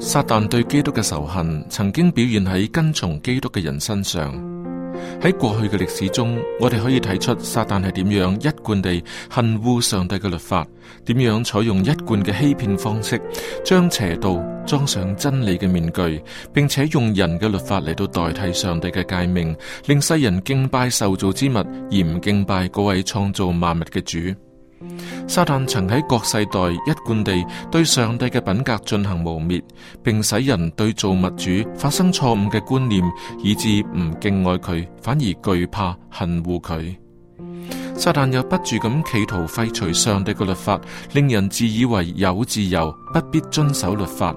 撒旦對基督嘅仇恨，曾經表現喺跟從基督嘅人身上。喺過去嘅歷史中，我哋可以睇出撒旦係點樣一貫地恨惡上帝嘅律法，點樣採用一貫嘅欺騙方式，將邪道裝上真理嘅面具，並且用人嘅律法嚟到代替上帝嘅誡命，令世人敬拜受造之物，而唔敬拜嗰位創造萬物嘅主。撒旦曾喺各世代一貫地對上帝嘅品格進行污衊，並使人對造物主發生錯誤嘅觀念，以致唔敬愛佢，反而懼怕恨惡佢。撒旦又不住咁企圖廢除上帝嘅律法，令人自以為有自由，不必遵守律法。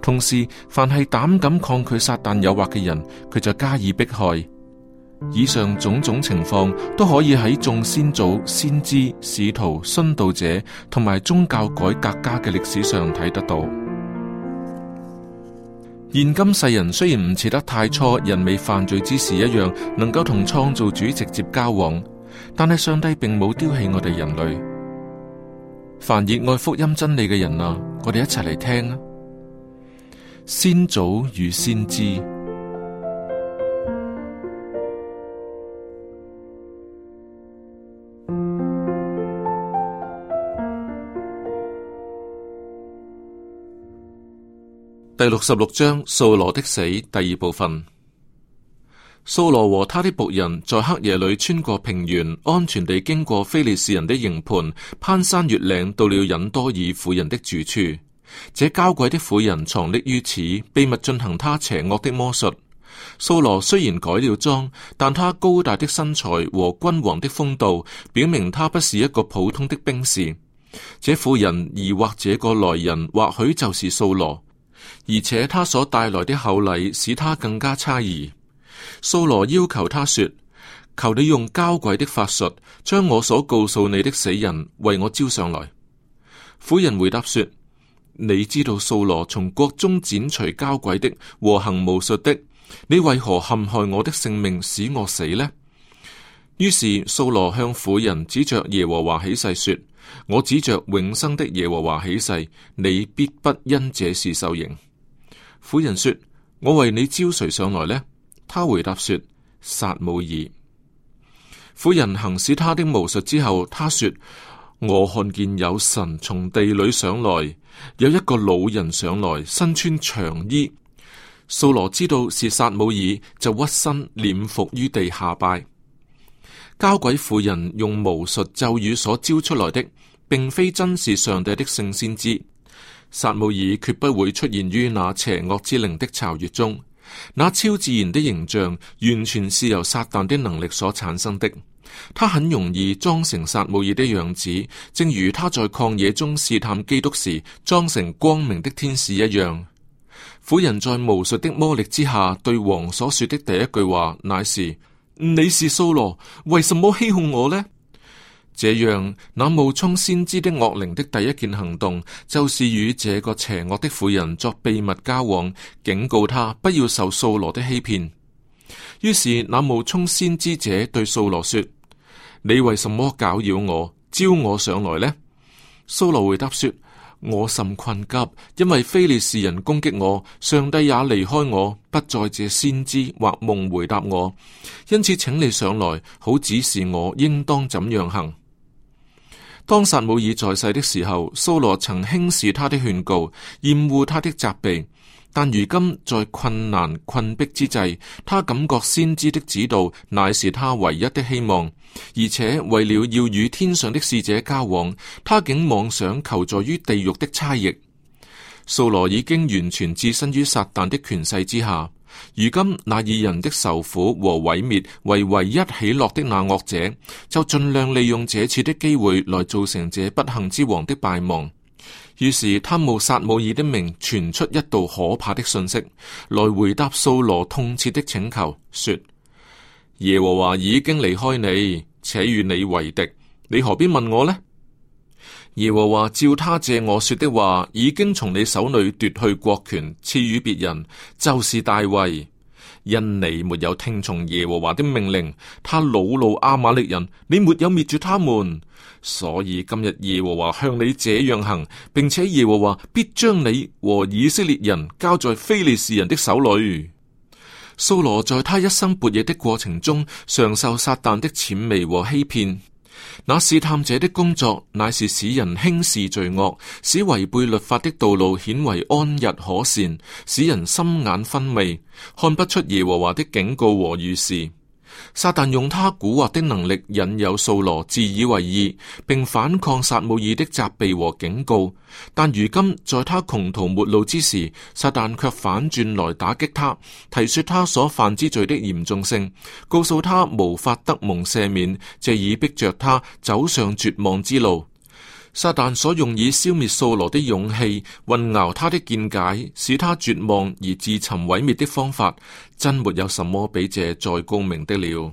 同時，凡係膽敢抗拒撒旦誘惑嘅人，佢就加以迫害。以上種種情況都可以喺眾先祖、先知、使徒、殉道者同埋宗教改革家嘅歷史上睇得到。現今世人雖然唔似得太初人未犯罪之時一樣，能夠同創造主直接交往，但係上帝並冇丟棄我哋人類。凡熱愛福音真理嘅人啊，我哋一齊嚟聽啊！先祖與先知。第六十六章，掃羅的死，第二部分。掃羅和他的僕人在黑夜裏穿過平原，安全地經過非利士人的營盤，攀山越嶺，到了隱多爾婦人的住處。這嬌貴的婦人藏匿於此，祕密進行她邪惡的魔術。掃羅雖然改了裝，但他高大的身材和君王的風度，表明他不是一個普通的兵士。這婦人疑惑，這個來人或許就是掃羅。而且他所帶來的厚禮使他更加詫異。掃羅要求他說：求你用交鬼的法術，將我所告訴你的死人為我招上來。婦人回答說：你知道掃羅從國中剪除交鬼的和行巫術的，你為何陷害我的性命，使我死呢？於是掃羅向婦人指着耶和華起誓說：我指着永生的耶和華起誓，你必不因這事受刑。婦人說：我為你招誰上來呢？他回答說：撒母耳。婦人行使他的巫術之後，他說：我看見有神從地裏上來，有一個老人上來，身穿長衣。掃羅知道是撒母耳，就屈身臉伏於地下拜。交鬼婦人用巫術咒語所招出來的，並非真是上帝的聖先知。撒母耳決不會出現於那邪惡之靈的巢穴中。那超自然的形象完全是由撒旦的能力所產生的。他很容易裝成撒母耳的樣子，正如他在曠野中試探基督時裝成光明的天使一樣。婦人在巫術的魔力之下，對王所說的第一句話，乃是。你是掃羅，為什麼欺哄我呢？這樣，那冒充先知的惡靈的第一件行動，就是與這個邪惡的婦人作秘密交往，警告他不要受掃羅的欺騙。於是，那冒充先知者對掃羅說：你為什麼攪擾我，招我上來呢？掃羅回答說。我甚困急，因為非利士人攻擊我，上帝也離開我，不再借先知或夢回答我。因此，請你上來，好指示我應當怎樣行。當撒母耳在世的時候，掃羅曾輕視他的勸告，厭惡他的責備。但如今在困難困逼之際，他感覺先知的指導乃是他唯一的希望。而且為了要與天上的使者交往，他竟妄想求助於地獄的差役。掃羅已經完全置身於撒旦的權勢之下。如今那以人的受苦和毀滅為唯一喜樂的那惡者，就盡量利用這次的機會來造成這不幸之王的敗亡。於是他冒撒母耳的名傳出一道可怕的信息，來回答掃羅痛切的請求，說：耶和華已經離開你，且與你為敵，你何必問我呢？耶和華照他借我說的話，已經從你手裏奪去國權，賜予別人，就是大衛。因你沒有聽從耶和華的命令，他惱怒阿瑪力人，你沒有滅絕他們，所以今日耶和華向你這樣行，並且耶和華必將你和以色列人交在非利士人的手裏。掃羅在他一生搏野的過程中，常受撒旦的潛微和欺騙。那試探者的工作，乃是使人輕視罪惡，使違背律法的道路顯為安逸可善，使人心眼昏昧，看不出耶和華的警告和預示。撒但用他蠱惑的能力引誘掃羅自以為義，並反抗撒母耳的責備和警告。但如今在他窮途末路之時，撒但却反轉來打擊他，提說他所犯之罪的嚴重性，告訴他無法得蒙赦免，這已逼着他走上絕望之路。撒旦所用以消滅掃羅的勇氣，混淆他的見解，使他絕望而自尋毀滅的方法，真沒有什麼比這再高明的了。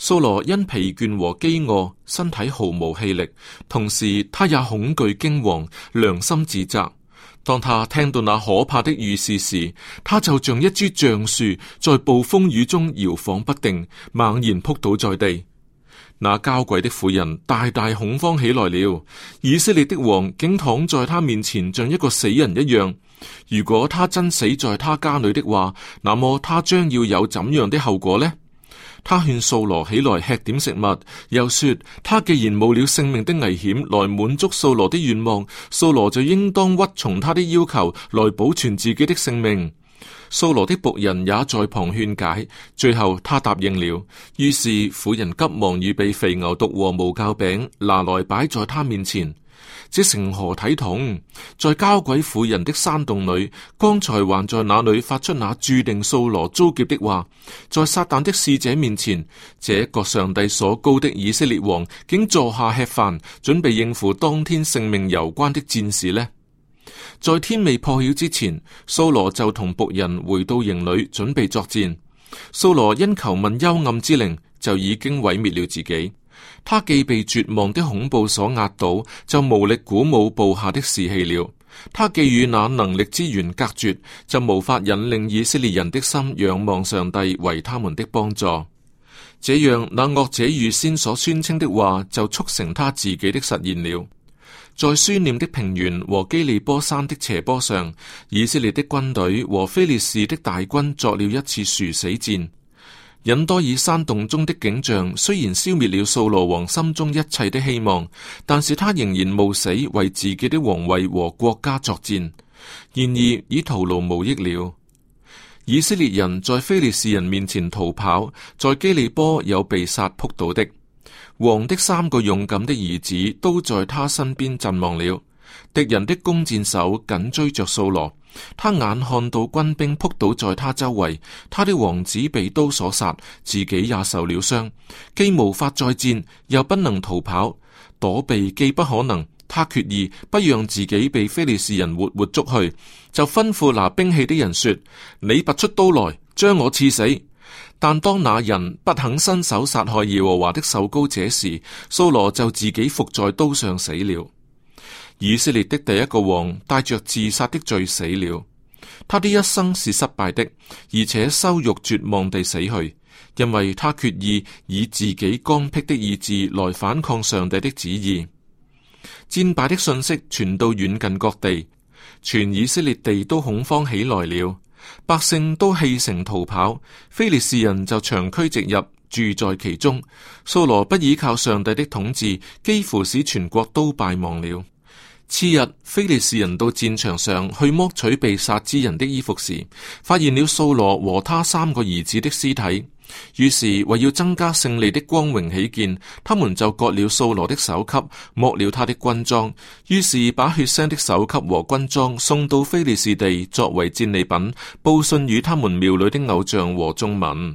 掃羅因疲倦和飢餓，身體毫無氣力，同時他也恐懼驚惶，良心自責。當他聽到那可怕的預示時，時，他就像一株橡樹在暴風雨中搖晃不定，猛然撲倒在地。那嬌貴的婦人大大恐慌起來了。以色列的王竟躺在他面前，像一個死人一樣。如果他真死在他家裏的話，那麼他將要有怎樣的後果呢？他勸掃羅起來吃點食物，又說：他既然冇了性命的危險，來滿足掃羅的願望，掃羅就應當屈從他的要求，來保存自己的性命。掃羅的僕人也在旁勸解，最後他答應了。於是婦人急忙預備肥牛犢和無酵餅，拿來擺在他面前。這成何體統？在交鬼婦人的山洞裏，剛才還在那裏發出那注定掃羅遭劫的話，在撒旦的使者面前，這個上帝所膏的以色列王，竟坐下吃飯，準備應付當天性命攸關的戰事呢？在天未破曉之前，掃羅就同僕人回到營裏準備作戰。掃羅因求問幽暗之靈，就已經毀滅了自己。他既被絕望的恐怖所壓倒，就無力鼓舞部下的士氣了。他既與那能力之源隔絕，就無法引領以色列人的心仰望上帝為他們的幫助。這樣，那惡者預先所宣稱的話，就促成他自己的實現了。在書念的平原和基利波山的斜坡上，以色列的軍隊和非利士的大軍作了一次殊死戰。隱多爾山洞中的景象，雖然消滅了掃羅王心中一切的希望，但是他仍然冒死為自己的皇位和國家作戰。然而已，已徒勞無益了。以色列人在非利士人面前逃跑，在基利波有被殺撲倒的。王的三個勇敢的兒子都在他身邊陣亡了。敵人的弓箭手緊追着掃羅，他眼看到軍兵撲倒在他周圍，他的王子被刀所殺，自己也受了傷，既無法再戰，又不能逃跑，躲避既不可能，他決意不讓自己被非利士人活活捉去，就吩咐拿兵器的人說：你拔出刀來，將我刺死。但當那人不肯伸手殺害耶和華的受膏者時，掃羅就自己伏在刀上死了。以色列的第一個王帶着自殺的罪死了，他的一生是失敗的，而且羞辱、絕望地死去，因為他決意以自己剛愎的意志來反抗上帝的旨意。戰敗的信息傳到遠近各地，全以色列地都恐慌起來了。百姓都棄城逃跑，非利士人就長驅直入，住在其中。掃羅不依靠上帝的統治，幾乎使全國都敗亡了。次日，非利士人到戰場上去剝取被殺之人的衣服時，發現了掃羅和他三個兒子的屍體。於是，為要增加勝利的光榮起見，他們就割了掃羅的首級，剝了他的軍裝。於是，把血腥的首級和軍裝送到非利士地，作為戰利品，報信與他們廟裏的偶像和眾民。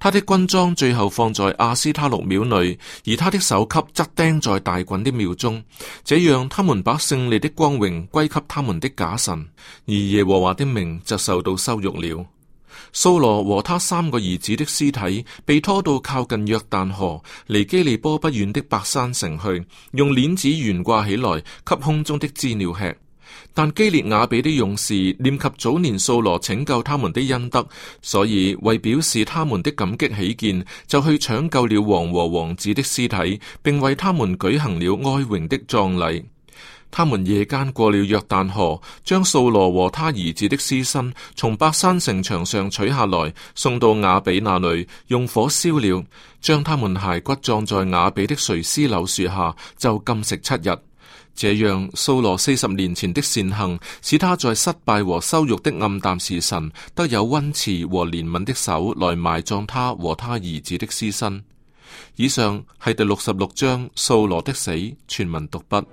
他的軍裝最後放在亞斯他錄廟內，而他的首級則釘在大衮的廟中。這樣，他們把勝利的光榮歸給他們的假神，而耶和華的名就受到羞辱了。掃羅和他三個兒子的屍體被拖到靠近約旦河、離基利波不遠的伯珊城去，用鏈子懸掛起來，給空中的鷙鳥吃。但基列雅比的勇士念及早年掃羅拯救他們的恩德，所以為表示他們的感激起見，就去搶救了王和王子的屍體，並為他們舉行了哀榮的葬禮。他們夜間過了約旦河，將掃羅和他兒子的屍身從白山城牆上取下來，送到雅比那裏，用火燒了，將他們骸骨葬在雅比的垂絲柳樹下，就禁食七日。這樣，掃羅四十年前的善行，使他在失敗和羞辱的暗淡時辰，都有溫慈和憐憫的手來埋葬他和他兒子的屍身。以上係第六十六章掃羅的死全文讀畢。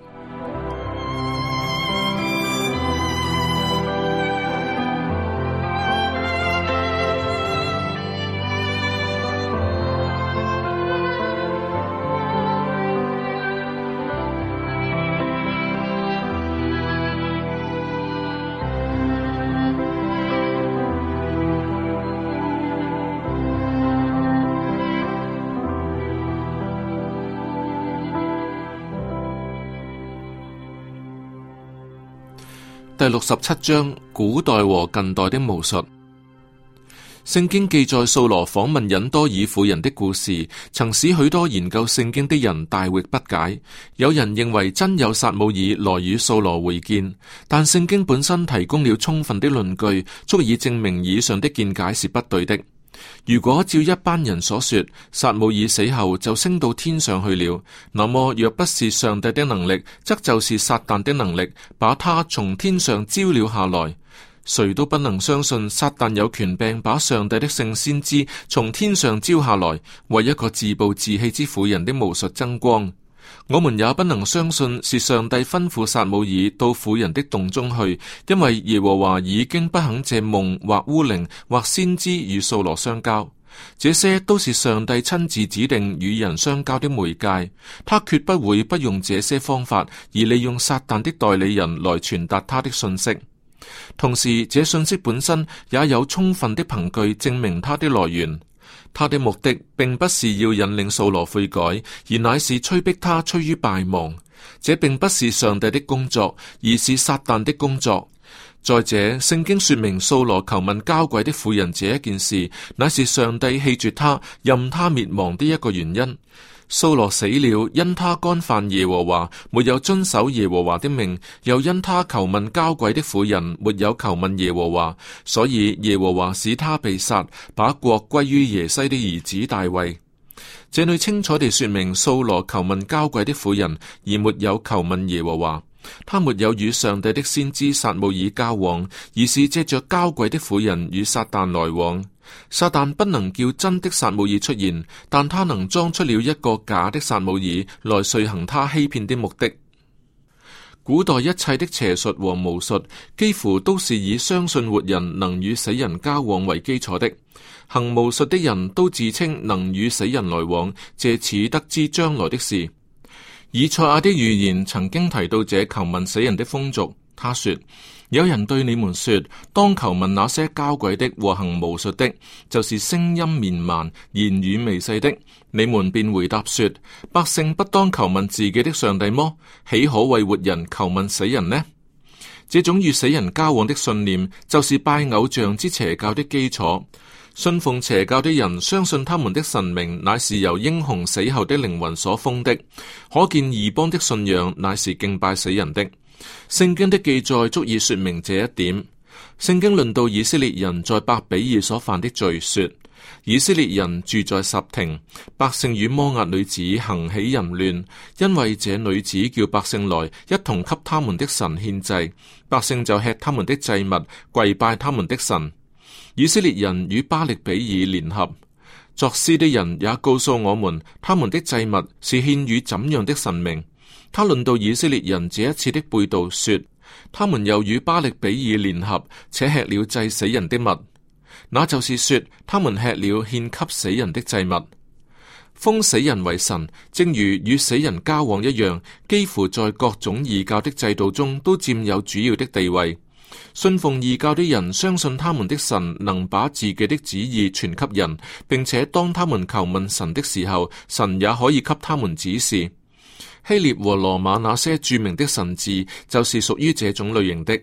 第六十七章：古代和近代的巫術。聖經記載掃羅訪問隱多珥婦人的故事，曾使許多研究聖經的人大惑不解。有人認為真有撒母耳來與掃羅會見，但聖經本身提供了充分的論據，足以證明以上的見解是不對的。如果照一班人所說，撒母耳死後就升到天上去了，那麼若不是上帝的能力，則就是撒旦的能力，把他從天上招了下來。誰都不能相信撒旦有權柄把上帝的聖先知從天上招下來，為一個自暴自棄之婦人的巫術爭光。我們也不能相信是上帝吩咐撒母耳到婦人的洞中去，因為耶和華已經不肯借夢或烏陵或先知與掃羅相交，這些都是上帝親自指定與人相交的媒介，他絕不會不用這些方法，而利用撒旦的代理人來傳達他的信息。同時，這信息本身也有充分的憑據證明它的來源。他的目的並不是要引領掃羅悔改，而乃是催逼他趨於敗亡。這並不是上帝的工作，而是撒旦的工作。再者，聖經說明掃羅求問交鬼的婦人這一件事，乃是上帝棄絕他、任他滅亡的一個原因。掃羅死了，因他干犯耶和華，沒有遵守耶和華的命，又因他求問交鬼的婦人，沒有求問耶和華，所以耶和華使他被殺，把國歸於耶西的兒子大衛。這裏清楚地說明，掃羅求問交鬼的婦人，而沒有求問耶和華，他沒有與上帝的先知撒母耳交往，而是借着交鬼的婦人與撒旦來往。撒旦不能叫真的撒母耳出現，但他能裝出了一個假的撒母耳來遂行他欺騙的目的。古代一切的邪術和巫術，幾乎都是以相信活人能與死人交往為基礎的。行巫術的人都自稱能與死人來往，借此得知將來的事。以賽亞的預言曾經提到這求問死人的風俗。他說，有人對你們說：當求問那些交鬼的和行巫術的，就是聲音綿慢、言語微細的。你們便回答說：百姓不當求問自己的上帝麼？豈可為活人求問死人呢？這種與死人交往的信念，就是拜偶像之邪教的基礎。信奉邪教的人，相信他們的神明乃是由英雄死後的靈魂所封的。可見異邦的信仰，乃是敬拜死人的。聖經的記載足以說明這一點。聖經論到以色列人在巴比爾所犯的罪，說：以色列人住在什亭，百姓與摩押女子行起淫亂，因為這女子叫百姓來一同給他們的神獻祭，百姓就吃他們的祭物，跪拜他們的神。以色列人與巴力比爾聯合，作詩的人也告訴我們，他們的祭物是獻與怎樣的神明。他論到以色列人這一次的背道說，說他們又與巴力毗珥聯合，且吃了祭死人的物，那就是說他們吃了獻給死人的祭物。封死人為神，正如與死人交往一樣，幾乎在各種異教的制度中都佔有主要的地位。信奉異教的人相信他們的神能把自己的旨意傳給人，並且當他們求問神的時候，神也可以給他們指示。希臘和羅馬那些著名的神志，就是屬於這種類型的。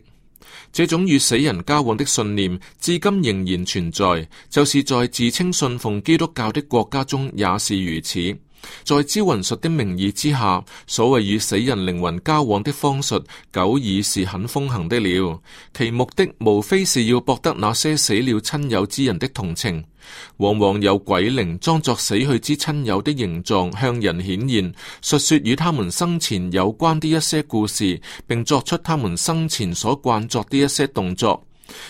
這種與死人交往的信念，至今仍然存在，就是在自稱信奉基督教的國家中也是如此。在招魂術的名義之下，所謂與死人靈魂交往的方術，久已是很風行的了。其目的無非是要博得那些死了親友之人的同情，往往有鬼靈裝作死去之親友的形狀向人顯現，述說與他們生前有關的一些故事，並作出他們生前所慣作的一些動作。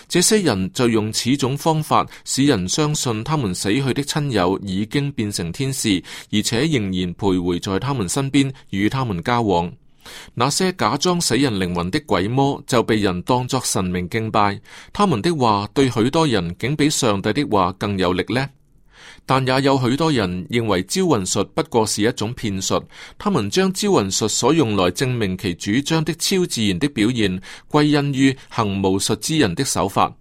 這些人就用此種方法，使人相信他們死去的親友已經變成天使，而且仍然徘徊在他們身邊，與他們交往。那些假裝死人靈魂的鬼魔，就被人當作神明敬拜。他們的話對許多人，竟比上帝的話更有力呢。但也有許多人認為招魂術不過是一種騙術，他們將招魂術所用來證明其主張的超自然的表現歸因於行巫術之人的手法。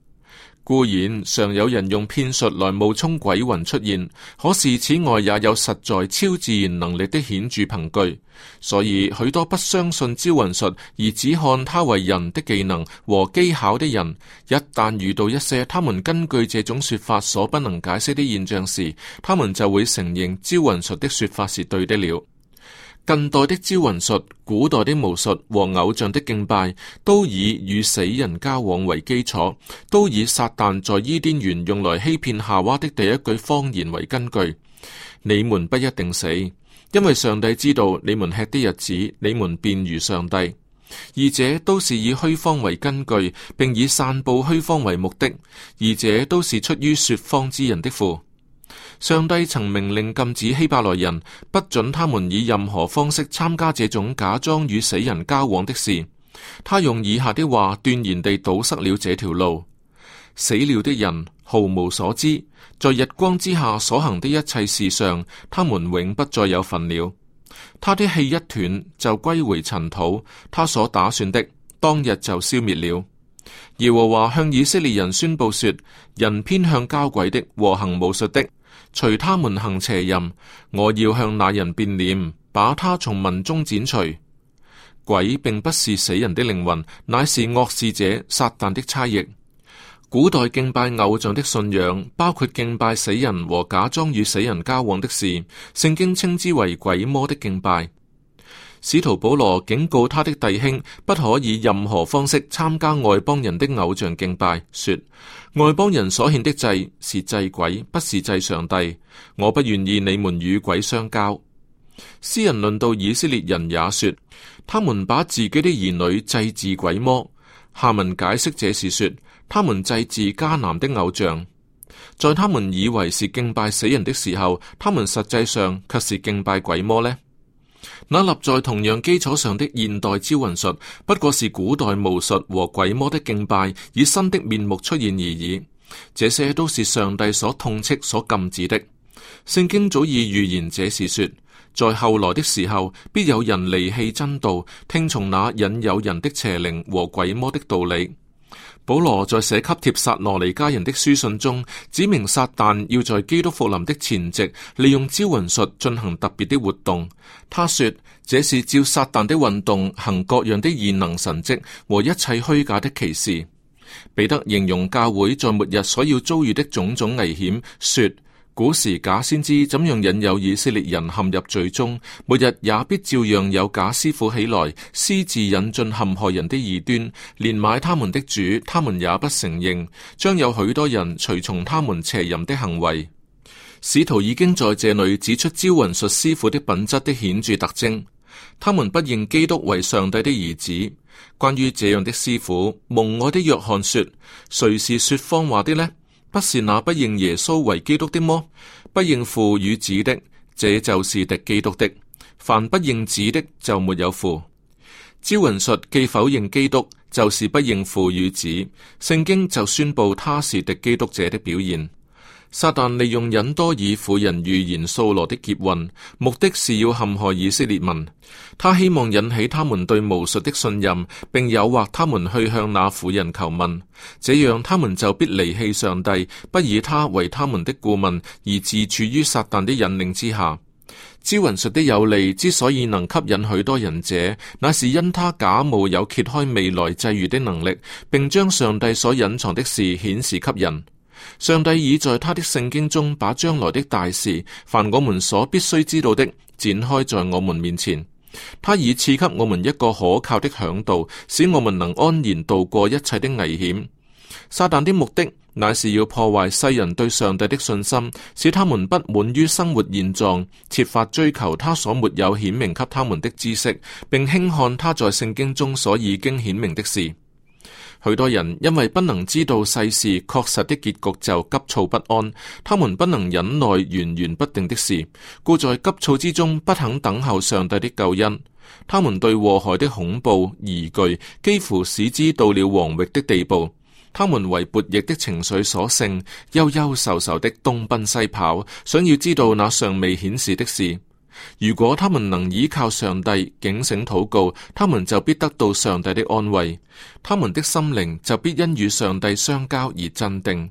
固然，常有人用騙術來冒充鬼魂出現，可是此外也有實在超自然能力的顯著憑據。所以，許多不相信招魂術而只看他為人的技能和技巧的人，一旦遇到一些他們根據這種說法所不能解釋的現象時，他們就會承認招魂術的說法是對的了。近代的招魂術、古代的巫術和偶像的敬拜，都以與死人交往為基礎，都以撒旦在伊甸園用來欺騙夏娃的第一句謊言為根據。你們不一定死，因為上帝知道你們吃的日子，你們便如上帝。而這都是以虛謊為根據，並以散布虛謊為目的。而這都是出於說謊之人的父。上帝曾命令禁止希伯來人，不准他們以任何方式參加這種假裝與死人交往的事。他用以下的話斷然地堵塞了這條路：死了的人毫無所知，在日光之下所行的一切事上，他們永不再有份了。他的氣一斷，就歸回塵土；他所打算的，當日就消滅了。耶和華向以色列人宣布說：人偏向交鬼的和行巫術的，隨他們行邪淫，我要向那人變臉，把他從民中剪除。鬼並不是死人的靈魂，乃是惡事者撒旦的差役。古代敬拜偶像的信仰，包括敬拜死人和假裝與死人交往的事，聖經稱之為鬼魔的敬拜。使徒保羅警告他的弟兄，不可以任何方式參加外邦人的偶像敬拜，說外邦人所獻的祭是祭鬼，不是祭上帝。我不願意你們與鬼相交。詩人論到以色列人也說，他們把自己的兒女祭祀鬼魔。下文解釋這是說，他們祭祀迦南的偶像，在他們以為是敬拜死人的時候，他們實際上卻是敬拜鬼魔呢？那立在同樣基礎上的現代招魂術，不過是古代巫術和鬼魔的敬拜，以新的面目出現而已。這些都是上帝所痛斥、所禁止的。聖經早已預言這是說，在後來的時候，必有人離棄真道，聽從那引誘人的邪靈和鬼魔的道理。保羅在寫給帖撒羅尼迦人的書信中，指明撒旦要在基督復臨的前夕，利用招魂術進行特別的活動。他說，這是照撒旦的運動，行各樣的異能神迹和一切虛假的奇事。彼得形容教會在末日所要遭遇的種種危險，說。古時假先知怎樣引誘以色列人陷入罪中，末日也必照樣有假師傅起來，私自引進陷害人的異端，連買他們的主，他們也不承認。將有許多人隨從他們邪淫的行為。使徒已經在這裏指出招魂術師傅的品質的顯著特徵，他們不認基督為上帝的兒子。關於這樣的師傅，蒙愛的約翰說：誰是方說謊話的呢？不是那不認耶穌為基督的麼？不認父與子的，這就是敵基督的。凡不認子的，就沒有父。招魂術既否認基督，就是不認父與子。聖經就宣布他是敵基督者的表現。撒但利用隱多珥婦人預言掃羅的劫運，目的是要陷害以色列民。他希望引起他們對巫術的信任，並誘惑他們去向那婦人求問，這樣他們就必離棄上帝，不以他為他們的顧問，而自處於撒但的引領之下。招魂術的有利之所以能吸引許多人者，那是因他假冒有揭開未來際遇的能力，並將上帝所隱藏的事顯示給人。上帝已在他的聖經中把將來的大事，凡我們所必須知道的展開在我們面前。他已賜給我們一個可靠的向導，使我們能安然度過一切的危險。撒旦的目的乃是要破壞世人對上帝的信心，使他們不滿於生活現狀，設法追求他所沒有顯明給他們的知識，并輕看他在聖經中所已經顯明的事。許多人因為不能知道世事確實的結局，就急躁不安。他們不能忍耐源源不定的事，故在急躁之中不肯等候上帝的救恩。他們對禍害的恐怖疑懼，幾乎使之到了惶惑的地步。他們為勃逆的情緒所勝，憂憂愁愁，愁愁的東奔西跑，想要知道那尚未顯示的事。如果他們能依靠上帝警醒禱告，他們就必得到上帝的安慰；他們的心靈就必因與上帝相交而鎮定。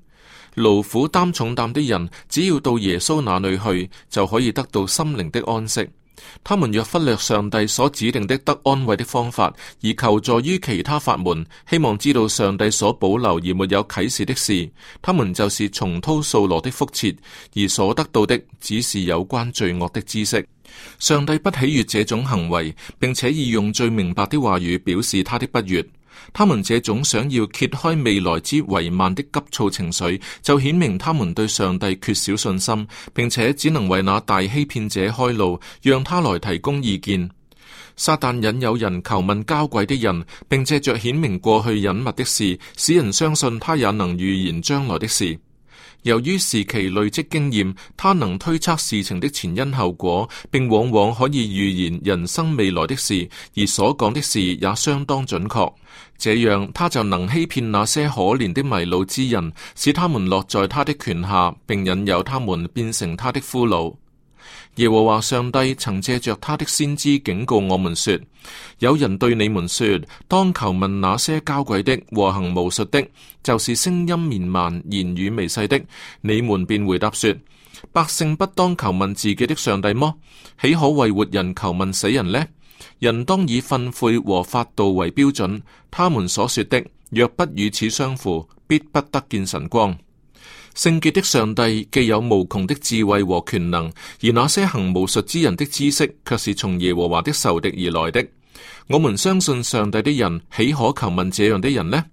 勞苦擔重擔的人，只要到耶穌那裏去，就可以得到心靈的安息。他們若忽略上帝所指定的得安慰的方法，而求助於其他法門，希望知道上帝所保留而沒有啟示的事，他們就是重蹈掃羅的覆轍，而所得到的只是有關罪惡的知識。上帝不喜悦這種行為，並且以用最明白的話語表示他的不悦。他們這種想要揭開未來之帷幔的急躁情緒，就顯明他們對上帝缺少信心，並且只能為那大欺騙者開路，讓他來提供意見。撒旦引誘人求問交鬼的人，並借着顯明過去隱密的事，使人相信他也能預言將來的事。由於時期累積經驗，他能推測事情的前因後果，並往往可以預言人生未來的事，而所講的事也相當準確。這樣，他就能欺騙那些可憐的迷路之人，使他們落在他的權下，並引誘他們變成他的俘虜。耶和華上帝曾借着他的先知警告我們說：有人對你們說，當求問那些交鬼的和行巫術的，就是聲音綿慢、言語微細的，你們便回答說：百姓不當求問自己的上帝麼？豈可為活人求問死人呢？人當以訓誨和法度為標準，他們所說的，若不與此相符，必不得見神光。聖潔的上帝既有無窮的智慧和權能，而那些行巫術之人的知識，卻是從耶和華的仇敵而來的。我們相信上帝的人，豈可求問這樣的人呢？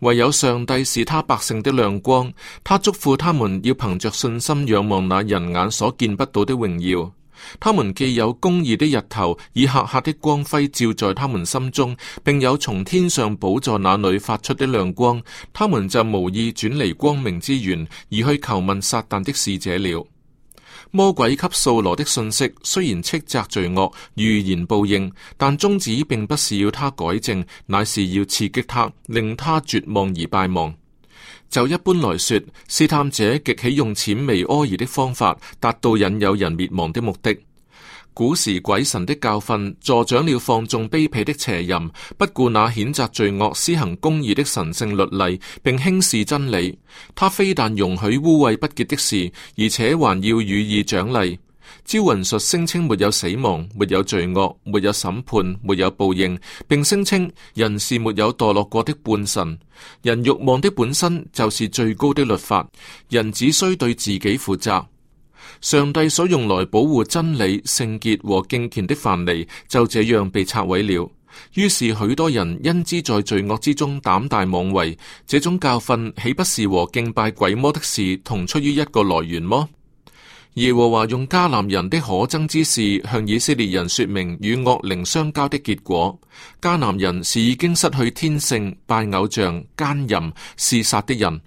唯有上帝是他百姓的亮光，他囑咐他們要憑着信心仰望那人眼所見不到的榮耀。他們既有公義的日頭以赫赫的光輝照在他們心中，並有從天上寶座那裏發出的亮光，他們就無意轉離光明之源，而去求問撒旦的使者了。魔鬼給掃羅的信息雖然斥責罪惡，預言報應，但宗旨並不是要他改正，乃是要刺激他，令他絕望而敗亡。就一般來說，試探者極喜用淺微柯夷的方法，達到引誘人滅亡的目的。古時鬼神的教訓，助長了放縱卑鄙的邪淫，不顧那譴責罪惡、施行公義的神聖律例，並輕視真理。他非但容許污穢不潔的事，而且還要予以，以獎勵。招魂術聲稱沒有死亡，沒有罪惡，沒有審判，沒有報應，並聲稱人是沒有墮落過的半神。人慾望的本身就是最高的律法，人只需對自己負責。上帝所用來保護真理、聖潔和敬虔的範例，就這樣被拆毀了。於是許多人因之在罪惡之中膽大妄為。這種教訓豈不是和敬拜鬼魔的事同出於一個來源麼？耶和華用迦南人的可憎之事，向以色列人說明與惡靈相交的結果。迦南人是已經失去天性、拜偶像、奸淫、嗜殺的人，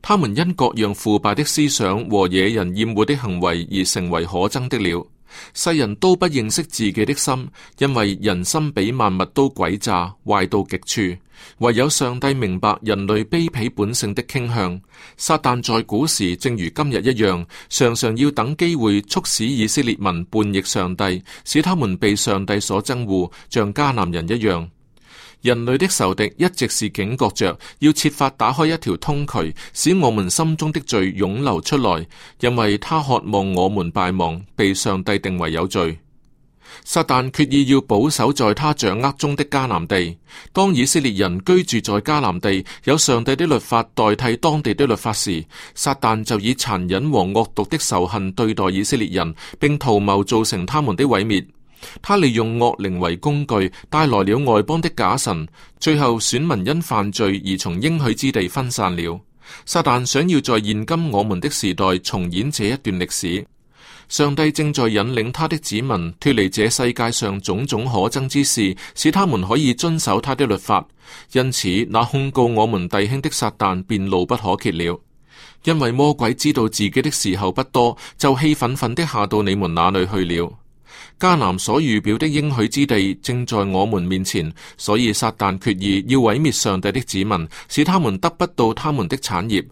他們因各樣腐敗的思想和惹人厭惡的行為，而成為可憎的了。世人都不認識自己的心，因為人心比萬物都詭詐，壞到極處。唯有上帝明白人類卑鄙本性的傾向。撒旦在古時正如今日一樣，常常要等機會促使以色列民叛逆上帝，使他們被上帝所憎惡，像迦南人一樣。人類的仇敵一直是警覺着，要設法打開一條通渠，使我們心中的罪湧流出來，因為他渴望我們敗亡，被上帝定為有罪。撒旦決意要保守在他掌握中的迦南地。當以色列人居住在迦南地，有上帝的律法代替當地的律法時，撒旦就以殘忍和惡毒的仇恨對待以色列人，並圖謀造成他們的毀滅。他利用惡靈為工具，帶來了外邦的假神。最後選民因犯罪而從應許之地分散了。撒旦想要在現今我們的時代重演這一段歷史。上帝正在引領他的子民脫離這世界上種種可憎之事，使他們可以遵守他的律法。因此，那控告我們弟兄的撒旦便怒不可遏了。因為魔鬼知道自己的時候不多，就氣憤憤的下到你們那裡去了。迦南所預表的應許之地正在我們面前，所以撒旦決意要毀滅上帝的子民，使他們得不到他們的產業。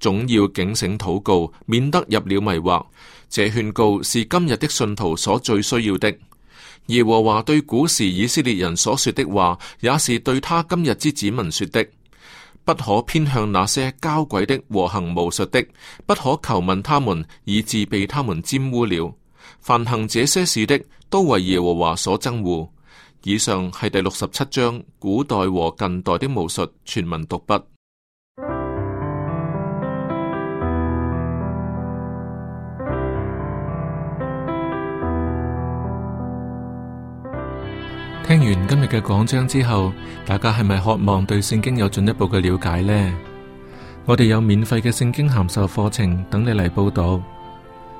總要警醒禱告，免得入了迷惑。這勸告是今日的信徒所最需要的。耶和華對古時以色列人所說的話，也是對他今日之子民說的。不可偏向那些交鬼的和行巫術的，不可求問他們，以致被他們玷污了。凡行這些事的，都為耶和華所憎惡。以上係第六十七章古代和近代的巫術全文讀畢。聽完今日嘅講章之後，大家係咪渴望對聖經有進一步嘅了解呢？我哋有免費嘅聖經函授課程等你嚟報導。